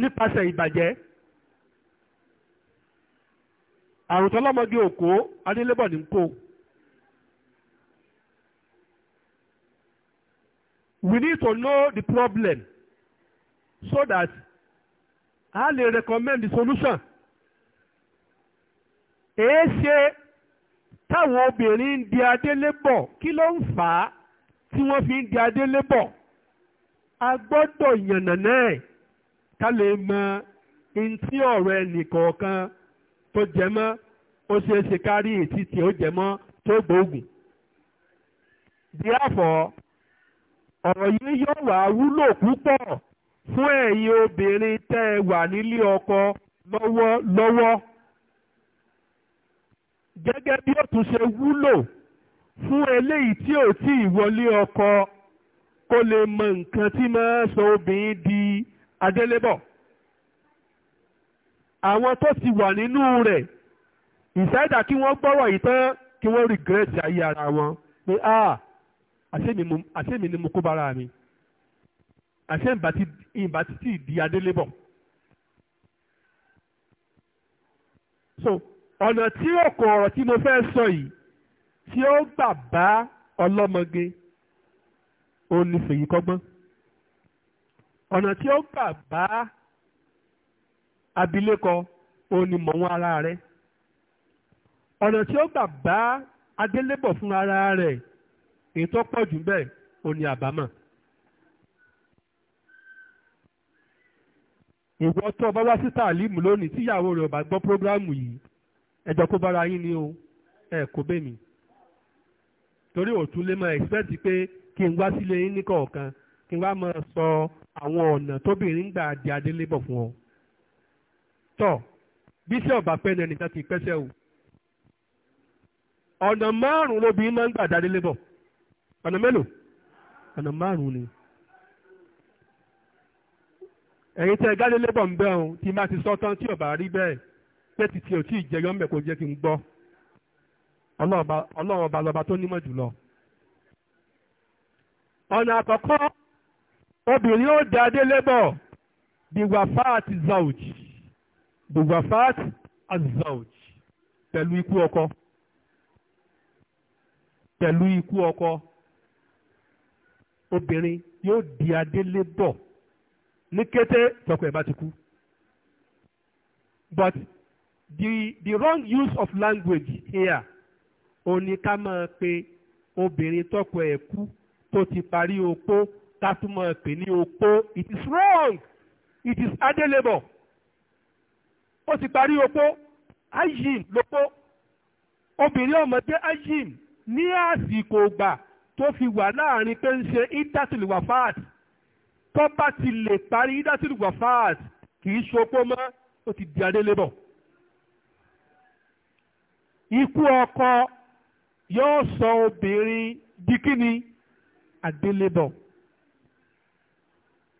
nípasẹ̀ ìbàjẹ́ àrùtọ́ lọ́mọdé òkó adélébọ̀ ní kó we need to know the problem so that a lè recommend the solution èé ṣe táwọn obìnrin ń di adélébọ̀ kí ló ń fà á tí wọ́n fi ń di adélébọ̀ a gbọ́dọ̀ yànnàná ẹ̀ ká lè mọ ntí ọ̀rọ̀ ẹnìkọ̀ọ̀kan tó jẹ mọ́ ó ṣeé ṣe kárí ètí tí ó jẹ mọ́ tó gbóògùn. therefore ọ̀rọ̀ yìí yóò wá wúlò púpọ̀ fún ẹ̀yin obìnrin tẹ́ ẹ wà nílé ọkọ lọ́wọ́ lọ́wọ́ gẹ́gẹ́ bí ó tún ṣe wúlò fún eléyìí tí ò tí ì wọlé ọkọ kó lè mọ nǹkan tí máa sọ obìnrin di adélébọ̀ àwọn tó ti wà nínú rẹ̀ ìṣẹ́dá kí wọ́n gbọ́rọ̀ yìí tán kí wọ́n rìgírẹ́tì ayé ara wọn pé a ah, àṣẹ́mi ni mo kó bára mi àṣẹ ìbá ti tí di adélébọ̀. so ọ̀nà tí ọ̀kọ̀ ọ̀rọ̀ tí mo fẹ́ sọ yìí tí ó gbà bá ọlọ́mọge ó ní fèyí kọ́gbọ́n. ọ̀nà tí ó gbà bá abilékọ òní ara rẹ ọ̀nà tí ó gbà bá adélébọ̀ fún ara rẹ̀ èyí tó pọ̀ jù bẹ́ẹ̀ òní àbámọ̀. ìwọ tó ọba wá sí lónìí tíyàwó ọba gbọ́ yìí ni o ẹ kò mi torí òtún lè máa expect pé kí n wá sílé yín ní kọ̀ọ̀kan kí n wá sọ àwọn ọ̀nà tóbìnrin gbà di adélébọ̀ fún ọ tọ́ bíṣẹ́ ọ̀bà pẹ́ náà nìkan kì í pẹ́sẹ́ o ọ̀nà márùn-ún lóbìnrin máa ń gbà di adélébọ̀ ọ̀nà mélòó ọ̀nà márùn-ún ni ẹ̀yin tẹ́ gádélébọ̀ ń bẹ́ ọ tí má ti sọ tán tí ọ̀bà rí bẹ́ẹ̀ pé títí ò tí ì jẹyọ ń bẹ̀ kó jẹ́ kí n gbọ́ ọlọ́run ọba lọba tó nímọ̀ jùlọ ọ̀nà àkọ́kọ́ obìnrin ó da dé lébọ̀ bìwàfáàt zawj bìwàfáàt azawj pẹ̀lú ikú ọkọ pẹ̀lú ikú ọkọ obìnrin yóò di adélébọ̀ ní kété tọkọ ẹ̀ bá ti kú but the the wrong use of language here ó ní ká máa pe obìnrin tọkọ ẹ̀ kú tó ti parí opó tátúmọ̀ pè ní opó it is wrong it is adélébọ̀ ó ti parí opó ayim lopó obìnrin ọmọdé ayim ní àsìkò ìgbà tó fi wà láàrin pé ń ṣe idatulwafat tó bá ti lè parí idatulwafat kì í ṣopó mọ́ ó ti di adélébọ̀ ikú ọkọ yóò sọ obìnrin di adélébọ̀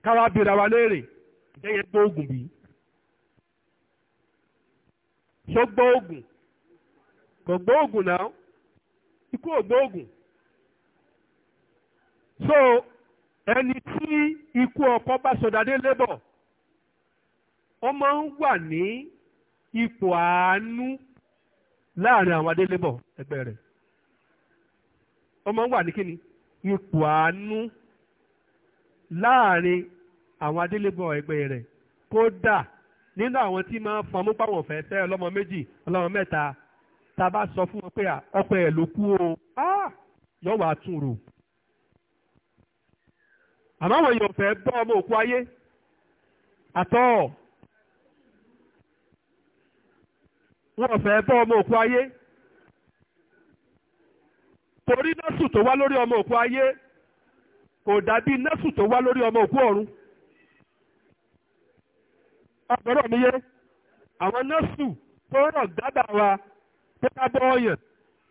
káwa bèrè àwa léèrè ǹjẹ́ yẹn gbọ́ oògùn bí ṣó gbọ́ oògùn kò gbọ́ oògùn náà ikú ò gbọ́ oògùn so ẹni tí ikú ọkọ bá sọdadé lébọ̀ ó máa ń wà ní ipò àánú láàrin àwọn adélébọ̀ ẹgbẹ́ rẹ̀ ó máa ń wà ní kíni ipò àánú láàrin àwọn adélébọ̀ ẹgbẹ́ rẹ̀ kódà nínú àwọn tí máa ń fọnmú pàwọn fẹ́ fẹ́ ọlọ́mọ méjì ọlọ́mọ mẹ́ta tá a bá sọ fún wọn pé ọkọ ẹ̀ ló kú o yóò wá tún rò àmọ́ àwọn èèyàn fẹ́ bọ́ ọmọ òkú ayé àtọ́ wọn fẹ́ bọ́ ọmọ òkú ayé torí nọ́ọ̀sù tó wá lórí ọmọ òkú ayé kò dàbí nọ́ọ̀sù tó wá lórí ọmọ òkú ọ̀run ọgbọ́dọ̀ níyé àwọn nọ́ọ̀sù tó rọ̀ gádà wa tó tábọ̀ ọ̀yàn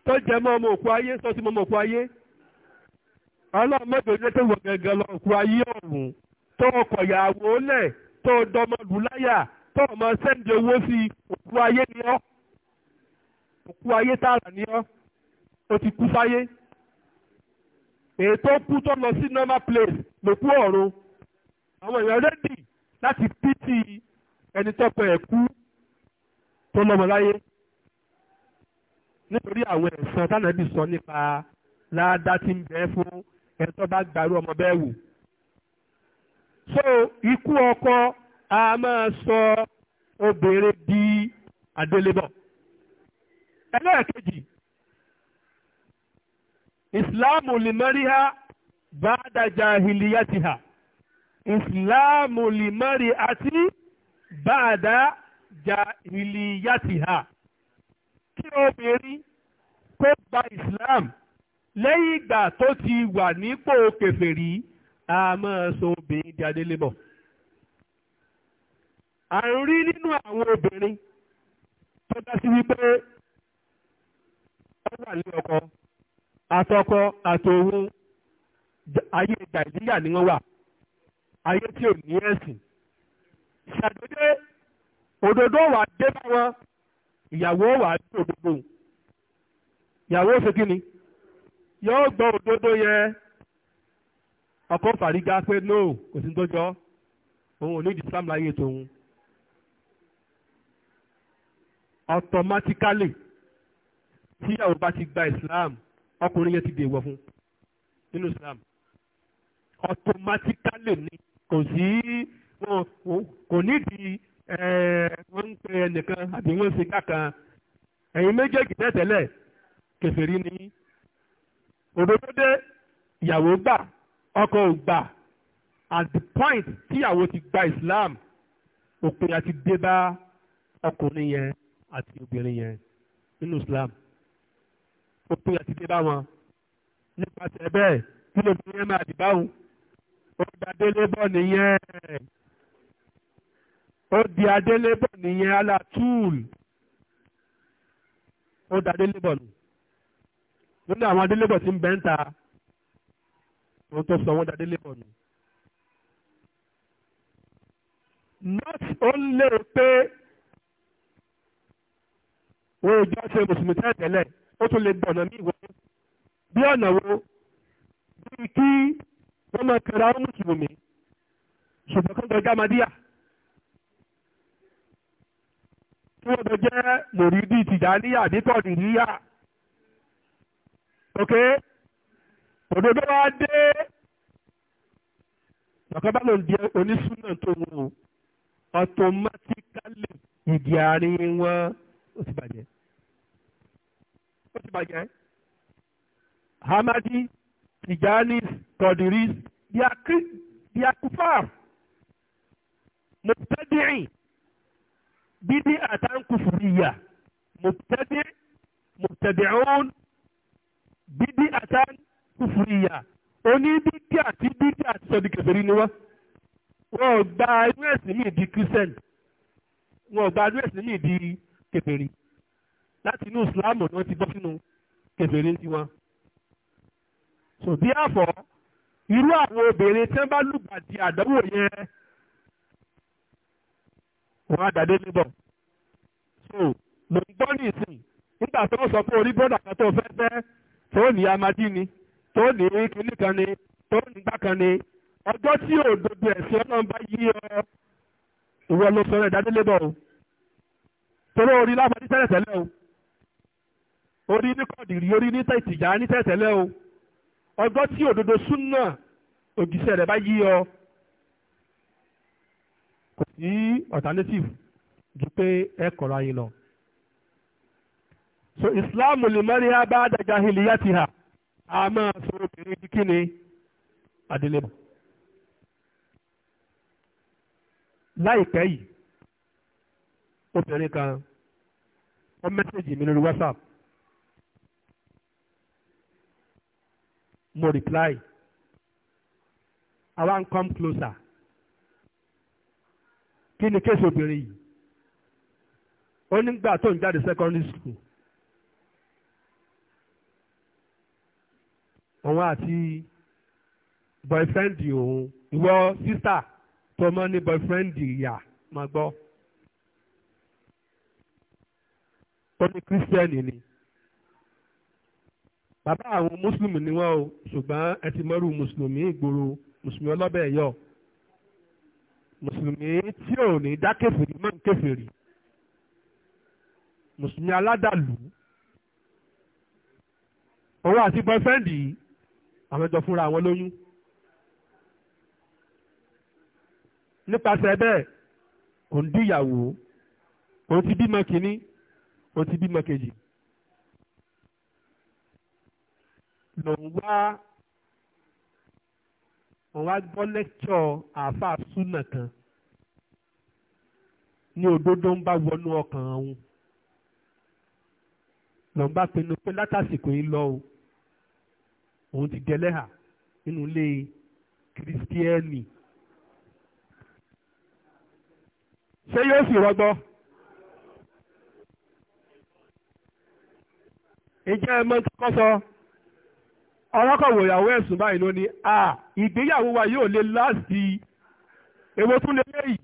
tó jẹ mọ́ ọmọ òkú ayé sọ́sí mọ́ ọmọ òkú ayé ọlọ́run mọ́jọ́jọ́ tó wọ̀ gẹ́gẹ́ lọ òkú ayé ọ̀hún tó ọkọ̀ ìyàwó lẹ̀ tó dọmọdù láyà tó ọmọ sẹ́ńdì owó sí òkú ayé ni ọ́ òkú ayé tààrà ni ọ́ ó ti kú sáyé èyí tó kú tó lọ sí normal place lòkú ọ̀run àwọn èèyàn rẹ́dì láti pt ẹni tọ́pọ̀ ẹ̀ kú tó lọ́mọ láyé nítorí àwọn ẹ̀sán tánàbì sọ nípa ládá tí ń bẹ fún ẹni tó bá gbàrú ọmọ bẹ́ẹ̀ wò. so ikú ọkọ a máa sọ obìnrin di adélébọ̀. ẹlẹ́ẹ̀kejì ìsìláàmù lìmọ́ríhá bá dàjà ìlíyàtìhà ìsìláàmù lìmọ́rí àti. báàdá ja kí obìnrin Islam lẹ́yìn ìgbà tó ti wà nípò kèfèrí a máa sọ obìnrin di adélébọ̀ à ń rí nínú àwọn obìnrin tó dá sí wípé ó wà ní ọkọ àtọkọ àtòhun ayé ìgbà ìdíyà ni e wà ṣàdédé òdodo wà dé bá wọn ìyàwó wà dé òdodo ìyàwó ṣe kí ni yóò gbọ́ òdodo yẹ ọkọ fàrígá pé no kò sí tó jọ òun ò ní ìdísàm láyé tòun automatically tí ìyàwó bá ti gba Islam ọkùnrin yẹn ti dèwọ̀ fún nínú Islam automatically ni kò sí kò nídìí eh, wọ́n ń pe ẹnìkan àbí wọ́n ń ṣe kákan ẹ̀yin méjèèjì tẹ̀tẹ̀lẹ̀ kèfèrí ni òdodo dé ìyàwó gbà ọkọ ò gbà at the point tíyàwó ti gba Islam òpin àti dé bá ọkùnrin yẹn àti obìnrin yẹn nínú Islam òpin àti dé bá wọn nípasẹ̀ bẹ́ẹ̀ kí ló fi yẹn máa dìbáwò ó gba délé nìyẹn ó di adélébọ̀ nìyẹn ala túùl ó da adélébọ̀ nù nínú àwọn adélébọ̀ tí ń bẹ́ ń ta ó tó sọ wọ́n da adélébọ̀ nù. not only pé wọ́n ò jọ ṣe mùsùlùmí tẹ́lẹ̀ ó tún lè gbọ̀nà mí wọ́n bí ọ̀nà wo bí kí wọ́n máa kẹra ó mùsùlùmí ṣùgbọ́n kọ́ńtà ọjà máa díyà. tí ó lọ jẹ́ mòrídì tìjáníyà àbí kọ̀dìríyà ok òdodo wa dé ọ̀kan bá lòun di onísúná tó ń wò automatically ìdí àárín wọn ó ti bàjẹ́ ó ti bàjẹ́ Hamadi Tijanis Kodiris diakufar mubtadi'in bíbí àtàkùfùrìyà mùtẹ́dí mùtẹ́dìún bíbí àtàkùfùrìyà oníbíkí àti bíbí àti sọ̀dí kẹfẹ́rí ni wọ́n. wọn ò gba inú ẹ̀sìn míì di christian wọn ò gba inú ẹ̀sìn míì di kẹfẹ́rí láti inú ìsìláàmù ni wọ́n ti bọ́ sínú kẹfẹ́rí tiwọn. so therefore irú àwọn obìnrin tí wọ́n bá lùgbàdì àdánwò yẹn wọn a dàdé níbọ̀. so mò ń gbọ́ ní ìsìn nígbà tó ń sọ pé orí bọ́dà kan tó fẹ́ fẹ́ tó ní amadi ni tó ní kinní kan ni tó ní gbá kan ni ọjọ́ tí òdodo ẹ̀sìn ọlọ́run bá yí ọ ìwọ ló sọ rẹ̀ dàdé níbọ̀ o torí orí láfọdí tẹ́lẹ̀ o orí ní orí ní ní o ọjọ́ tí súnà òjíṣẹ́ rẹ̀ bá yí ọ kò sí alternative ju pé ẹ kọ̀ra yín lọ. so islam lè mẹ́rin á bá dàgbà hìlìyà ti hà á máa sọ obìnrin di kíni adélébù. láìpẹ́ yìí obìnrin kan wọ́n mẹ́sẹ̀gì mi lórí whatsapp mo reply i wan come closer kí ni kéèsì obìnrin yìí ó nígbà tó ń jáde secondary school òun àti boyfriend òun ìwọ sister tó mọ ní boyfriend ìyá máa gbọ́ ó ní Christian? ni bàbá àwọn mùsùlùmí ni wọ́n o ṣùgbọ́n ẹ ti mọ́rù mùsùlùmí ìgboro mùsùlùmí ọlọ́bẹ̀ yọ̀ mùsùlùmí tí ò ní dá kèfèrí mọ́ kèfèrí mùsùlùmí aládàlú owó àti bọ́fẹ́ǹdì àwọn ẹjọ́ fúnra àwọn lóyún nípasẹ̀ bẹ́ẹ̀ òun dí ìyàwó òun ti bímọ kínní òun ti bímọ kejì lòun wá wọ́n wá gbọ́ lẹ́kṣọ̀ àáfàá súnà kan ní òdodo ń bá wọnú ọkàn ọ̀hún lọ́n bá pinnu pé látàsìkò yìí lọ o òun ti dẹlẹ́hà nínú ilé kírísítíẹ́nì ṣé yóò sì rọgbọ. ǹjẹ́ ẹ mọ̀ tí kò sọ ọwọ́kọ̀wò ìyàwó ẹ̀sùn báyìí ló ní à ìgbéyàwó wa yóò lè láàsì èwo tún lè léyìí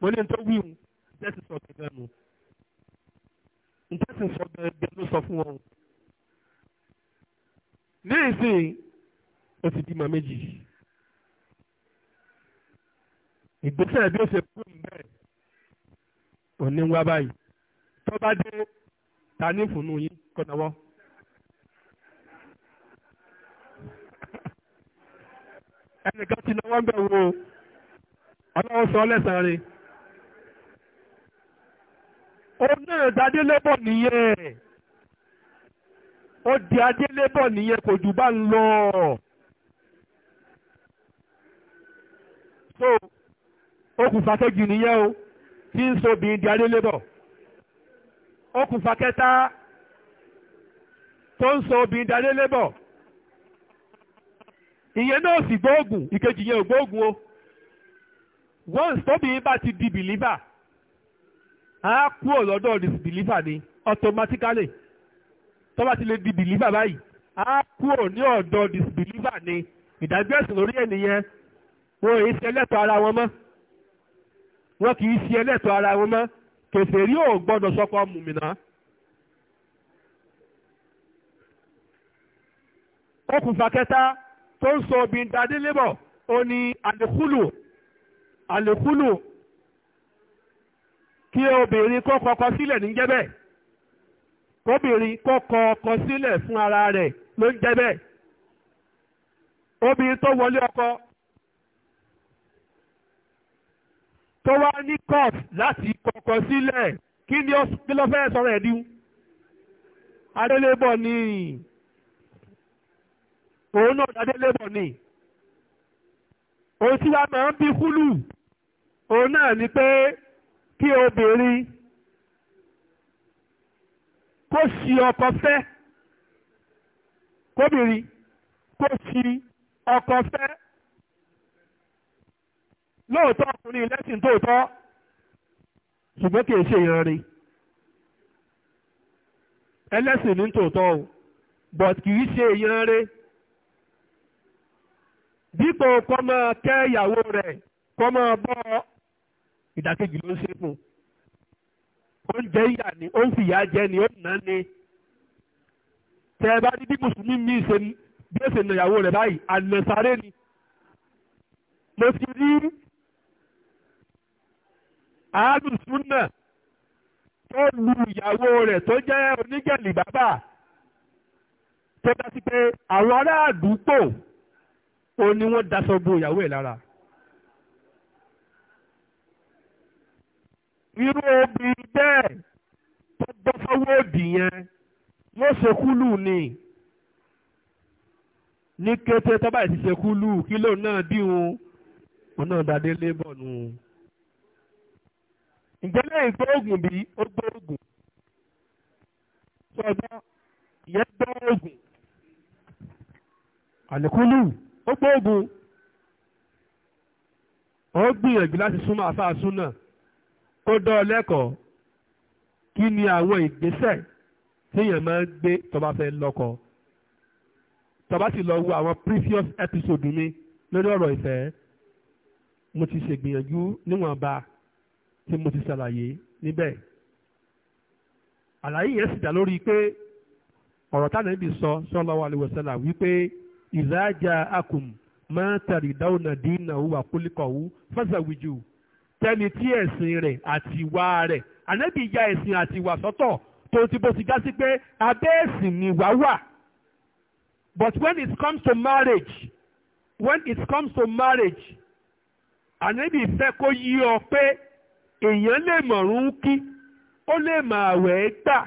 mo ní tó wí hun jẹ́sì sọ gẹ́gẹ́ nu jẹ́sì sọ gẹ́gẹ́ ló sọ fún wọn. ní ìsìn ó ti bímọ méjì ìgbésẹ̀ bí ó ṣe kúrò níbẹ̀ òní wá báyìí tó bá dé ta ní ìfúnnú yín kọ́ náwó. ẹnìkan ti náwó ń bẹ̀ wo ọlọ́wọ́ sọ lẹ́sàn rẹ̀ òun náà dadélébọ̀ nìyẹn ó di adélébọ̀ nìyẹn kò jù bá ń lọ so okùnfà kejì nìyẹn o tí ń so bìí di adélébọ̀ okùnfà kẹta tó ń so obìnrin dalé lébọ̀ ìyẹn náà sì gbóògùn ìkejì yẹn ò gbóògùn o once tóbìnrin bá ti di believer á kúrò lọ́dọ̀ disbeliever ni automatically tó ti lè di believer báyìí á ní ọ̀dọ̀ disbeliever ni ìdájọ́ ẹ̀sìn lórí ẹ̀ wọn ò ara wọn mọ́ wọn kì í ṣe ẹlẹ́tọ̀ ara wọn mọ́ kèfèrí ò gbọ́dọ̀ mùmìnà. kẹta tó ń sọ obìnrin dadé lébọ̀ ó ní àlékúlù àlékúlù kí obìnrin kó kọkọ sílẹ̀ ní jẹ́bẹ̀ kóbìnrin kó kọkọ sílẹ̀ fún ara rẹ̀ ló ń jẹ́bẹ̀ obìnrin tó wọlé ọkọ tó wá ní court láti kọkọ sílẹ̀ kí ni ó fẹ́ sọ̀rọ̀ ẹ̀dín adélébọ̀ ni òun náà dádé lébọ̀ ni òun tí wàá máa ń bí kúlù òun náà ni pé kí obìnrin kó ṣì ọkọ fẹ́ kóbìnrin kó ṣì ọkọ fẹ́ lóòótọ́ ọkùnrin lẹ́sìn tóòótọ́ ṣùgbọ́n kì í ṣe ìrànrin ẹlẹ́sìn ní tòótọ́ o but kì í ṣe ìyanre dípò kọ́ máa kẹ́ ìyàwó rẹ̀ kọ́ máa bọ́ ìdàkejì ló ń ṣe fún un oúnjẹ ìyà ni ó ń fìyà jẹ ni ó ń ná ni tẹ ẹ bá ní bí mùsùlùmí mi ṣe bí èsè ìnáyàwó rẹ̀ báyìí ànàsáré ni mo ti rí alùsùnà tó lu ìyàwó rẹ̀ tó jẹ́ onígẹ̀lì bàbá tó dá sí pé àwọn ará àdúgbò ó ní wọ́n daṣọ bo ìyàwó ẹ̀ lára. irú obìnrin bẹ́ẹ̀ tó bọ́ fọwọ́ òdì yẹn yóò ṣe kúlù ni ní kété tó bá ti ṣe kúlù kílò náà díhun òun náà dàdé lébọ̀ nù. ǹjẹ́ lẹ́yìn tó oògùn bí ó gbọ́ oògùn sọ́dọ̀ ìyẹn gbọ́ oògùn àlékúlù ó gbóògùn ó gbìyànjú láti súnmọ́ àfáàsún náà kó dọ́ ọ lẹ́kọ̀ọ́ kí ni àwọn ìgbésẹ̀ téèyàn máa ń gbé tó fẹ́ lọ́kọ tó sì lọ wo àwọn previous episode mi lórí ọ̀rọ̀ ìfẹ́ mo ti ṣègbìyànjú níwọ̀nba tí mo ti ṣàlàyé níbẹ̀ àlàyé yẹn sì dá lórí pé ọ̀rọ̀ táwọn ẹbí sọ sallallahu alaihi wasallam wípé ìzájà akùn máa tàrí dáwọnà dínà wà kólíkọ̀wú fásawìjù tẹni tí ẹ̀sìn rẹ̀ àti ìwà rẹ̀ ànábì ya ẹ̀sìn àti ìwà sọ́tọ̀ tó ti bó ti já sí pé abẹ́ ẹ̀sìn ni ìwà wà but when it comes to marriage when it comes to marriage ànábì fẹ́ kó yí ọ pé èèyàn lè mọ̀rún kí ó lè màwẹ̀ gbà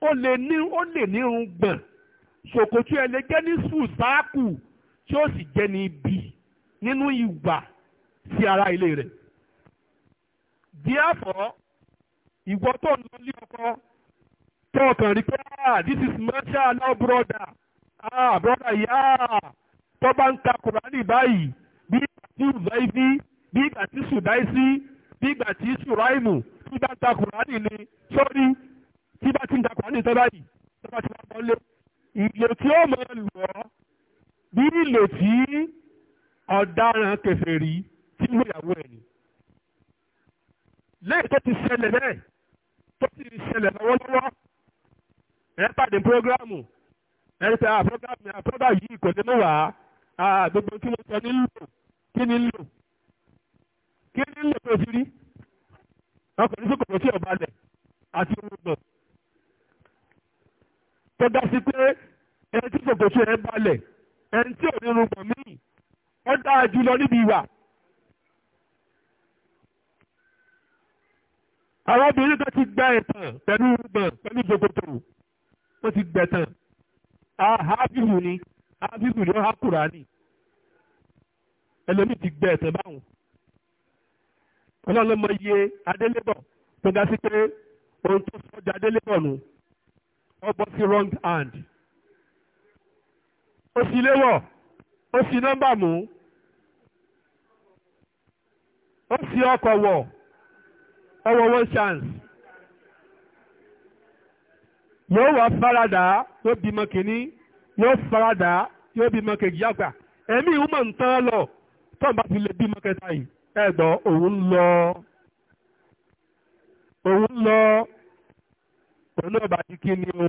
ó lè nírun gbọ̀n ṣòkòtò ẹlẹgẹ́ ní sùsáàkù tí ó sì jẹ́ ní ibi nínú ìwà sí ara ilé rẹ̀. therefore ìwọ tó ń lọ ilé ọkọ tó kàn rí pé ah this is mashallah brother ah brother yáà tó bá ń ka kùránì báyìí bí ìgbà tí ìzọ́ìfí bí ìgbà tí sùdáìsí bí ìgbà tí sùráìmù tí bá ń ka kùránì ni sórí tí bá ti ń ka kùránì tó báyìí tó bá ti wá bọ́ lé ìlò tí ó máa lù ọ́ bí ìlò tí ọ̀daràn kèfèrí tí ń lòyàwó ẹ̀ ni. lẹ́yìn tó ti ṣẹlẹ̀ bẹ́ẹ̀ tó ti ṣẹlẹ̀ lọ́wọ́lọ́wọ́ ẹ̀ pàdé prógrámù ẹ̀ pẹ́ àpọ́gàmù àpọ́gà yìí kò ní wà á gbogbo kí ló sọ nílò kí ni lò kí ni lò tó fi rí ọkùnrin tó kọ̀ lọ sí ọ̀balẹ̀ àti orúkọ tó dá sí pé ẹni tí sòkòtò ẹ balẹ̀ ẹni tí ò ní rúbọ̀ míì ó dáa jùlọ níbi ìwà. àwọn obìnrin kan ti gba ẹ̀tàn pẹ̀lú gbọ̀n pẹ̀lú jòkòtò wọ́n ti gbẹ̀tàn àhábìbù ni àhábìbù ni ó há Kùránì ẹlòmíì ti gbẹ ẹ̀tàn báwọn ọlọ́run ló mọ iye adélébọ̀ tó ga sí pé ohun tó sọ́jà adélébọ̀ nù ọgbọ́ sí wrong hand ó sì léwọ̀ ó sì nọ́mbà mú ó sì ọkọ̀ wọ̀ ọwọ́ one chance yóò wá faradà yóò bímọ kìíní yóò faradà yóò bímọ kejì àgbà ẹ̀mí ìwúmọ̀ ń tán lọ tó ń bá fi lè bímọ kẹta yìí ẹ̀gbọ́n òun lọ òun lọ olóòbá ti kí ni o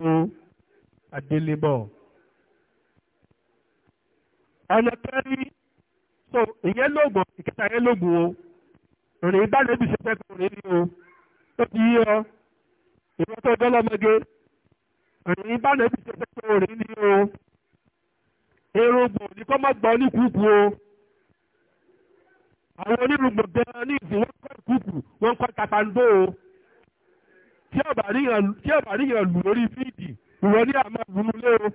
adélébọ̀ ọ̀nà kẹrin so ìyẹn lóògùn ìkẹta yẹn lóògùn o rìn ìbánibí ṣe fẹ́ kọ́ rìn ní o ó ti yí ọ ìwọ́n tó dọ́lọ́mọge rìn ìbánibí ṣe fẹ́ kọ́ rìn ní o èrògbò ní kọ́ má gbọ́ ní kúkú o àwọn onírúgbò gan-an ní ìsìn wọ́n kọ́ kúkú wọ́n kọ́ tapandó o tí ọ̀bà ríyàn lù lórí fíìdì ìwọ ní àmọ́ ìbùnú lé o.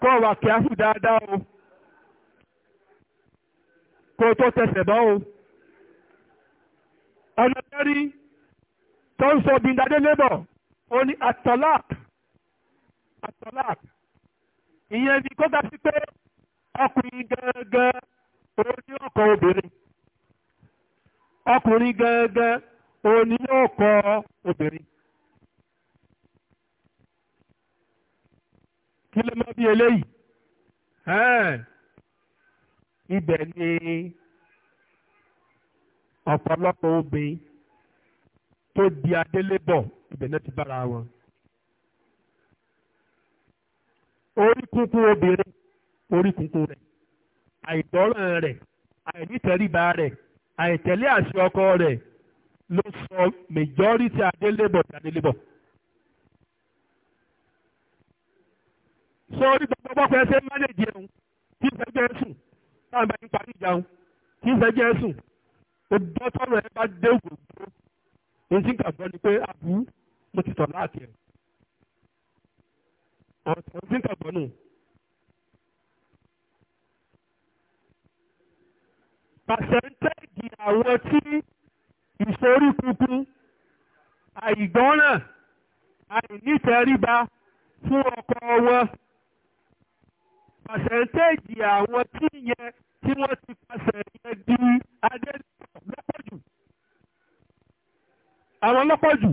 kọ́ wà kí á fún dáadáa o kó tó tẹsẹ̀ bọ́ o. ọ̀nà tẹ́rí tó ń sọ bíndadé lébọ̀ ó ní atọ́lák atọ́lák ìyẹn ni kó dá sí pé ọkùnrin gangan. oní ọkọ obìnrin ọkùnrin gẹ́gẹ́ oní ọkọ obìnrin. kí ló máa bí eléyìí ibẹ̀ ni ọ̀pọ̀lọpọ̀ obìnrin tó di adélébọ̀ ibẹ̀ náà ti bára wọn. orí kúnkún obìnrin orí kúnkún rẹ̀. àìgbọ́ràn rẹ̀ àìnítẹríba rẹ̀ àìtẹ̀lé àṣẹ ọkọ rẹ̀ ló sọ majority adélébọ̀ dánilébọ̀. sọ orí gbogbo ọgbọ́n fẹ́ ṣe mánéjì ẹ̀hún kí n fẹ́jẹ́ sùn táwọn bá ń parí ìjà ọ̀hún kí n fẹ́jẹ́ sùn ọjọ́ tọrọ ẹ bá dé ògbòǹgbò ohun tí n gbàgbọ́ ni pé àbú mo ti tọ̀ láàkì ẹ̀ ọ̀hún tí n gbàgbọ́ nù. pàṣẹ́ńtẹ́ẹ̀jì àwọn tí ìsoríkunkun àìgbọ́ràn àìnítẹríba fún ọkọ wọn pàṣẹ́ńtẹ́ẹ̀jì àwọn tí yẹn tí wọ́n ti pàṣẹ yẹn di adé lọ́pọ̀ jù àwọn lọ́pọ̀ jù.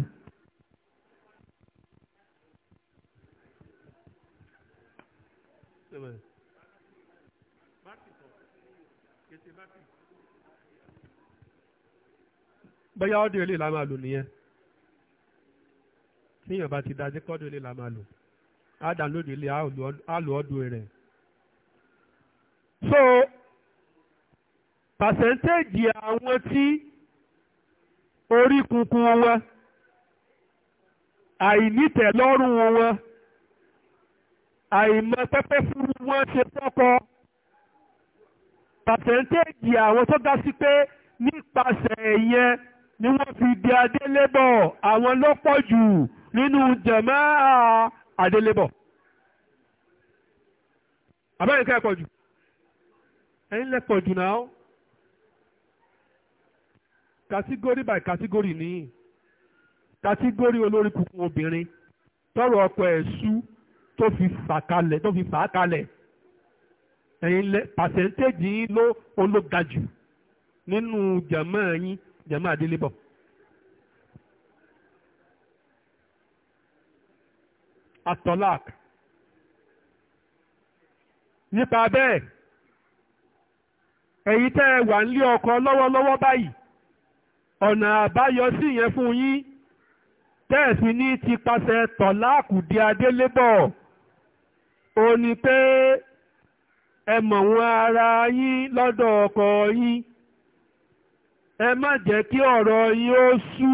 bóyá ọ́dọ̀ ilé la máa lò nìyẹn tíyàn bá ti dájú kọ́dọ̀ ilé la máa lò á dàlódì ilé á lò ọ́dọ̀ rẹ̀. so pàṣẹ́ntéèjì àwọn tí orí kunkun wọn àìnítẹ̀lọ́rùn wọn àìmọ̀ pẹ́pẹ́ fún wọn ṣe fọ́kọ pàṣẹ́ntéèjì àwọn tó dá sí pé nípasẹ̀ yẹn ni wọ́n fi di adélébọ̀ àwọn ló pọ̀ jù nínú jàmáà adélébọ̀ àbẹ́yìn kẹ́ẹ̀kọ́ jù ẹ̀yin lẹ́pọ̀ jù náà kàtígórì by kàtígórì nìyí kàtígórì olórí kùkùn obìnrin tọrọ ọkọ ẹ̀ sú tó fi fàkalẹ̀ tó fi fàkalẹ̀ ẹ̀yin lẹ́ pàṣẹ́ntéèjì yín ló ológa jù nínú jàmáà yín jẹ̀mọ́ adélébọ̀. atolak nípa bẹ́ẹ̀ èyí tẹ́ ẹ wà nílé ọkọ lọ́wọ́lọ́wọ́ báyìí ọ̀nà àbáyọ sí yẹn fún yín tẹ́ẹ̀sì ní ti pàṣẹ tọ̀láàkù di adélébọ̀ ó ní pé ẹ wọn ara yín lọ́dọ̀ ọkọ yín. ẹ má jẹ́ kí ọ̀rọ̀ yín ó sú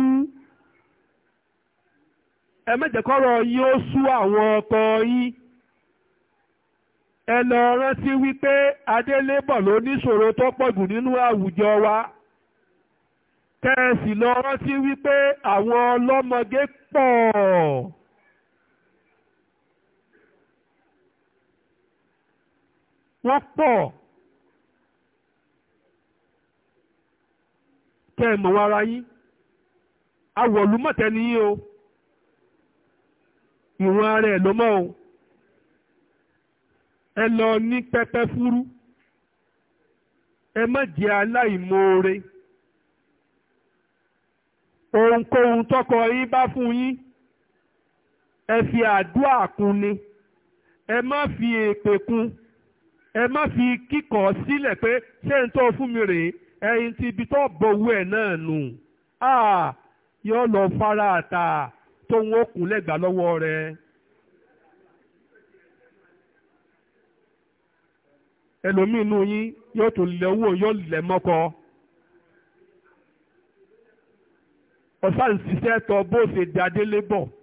ẹ má jẹ́ kọ́rọ̀ yín ó sú àwọn ọkọ yín ẹ lọ rántí wípé adélébọ̀ ló níṣòro tó pọ̀jù nínú àwùjọ wa kẹ́ẹ̀sì lọ rántí wípé àwọn ọlọ́mọge pọ̀ wọ́n pọ̀. tẹ́ ẹ mọ̀wọ́ ara yín awọ̀lú mọ̀tẹ́ni yín o ìwọ̀n ara ẹ̀ ló mọ́ o ẹ lọ ní pẹ́pẹ́ fúrú ẹ má aláìmoore ohunkóhun tọkọ yín bá fún yín ẹ fi àdúrà kún ni ẹ má fi èpè kún ẹ má fi kíkọ pé ṣé n tó fún mi rèé ẹyin tí ibi tó bọ̀wú ẹ̀ náà nù ah, lọ fara àtà tó ń okùn lẹ́gbàá lọ́wọ́ rẹ̀. ẹlòmíì inú yín yóò tún lẹ owó yóò lẹ mọ́kọ. ọ̀sán ṣiṣẹ́